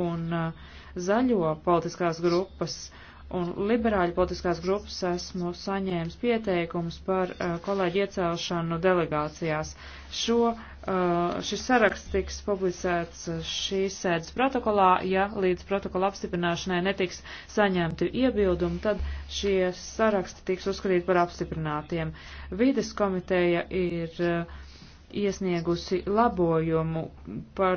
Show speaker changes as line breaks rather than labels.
un uh, zaļo politiskās grupas un liberāļu politiskās grupas esmu saņēmis pieteikumus par uh, kolēģi iecelšanu delegācijās. Šo, uh, šis saraksts tiks publicēts uh, šīs sēdes protokolā. Ja līdz protokola apstiprināšanai netiks saņemti iebildumi, tad šie saraksti tiks uzskatīti par apstiprinātiem. Vides komiteja ir uh, iesniegusi labojumu par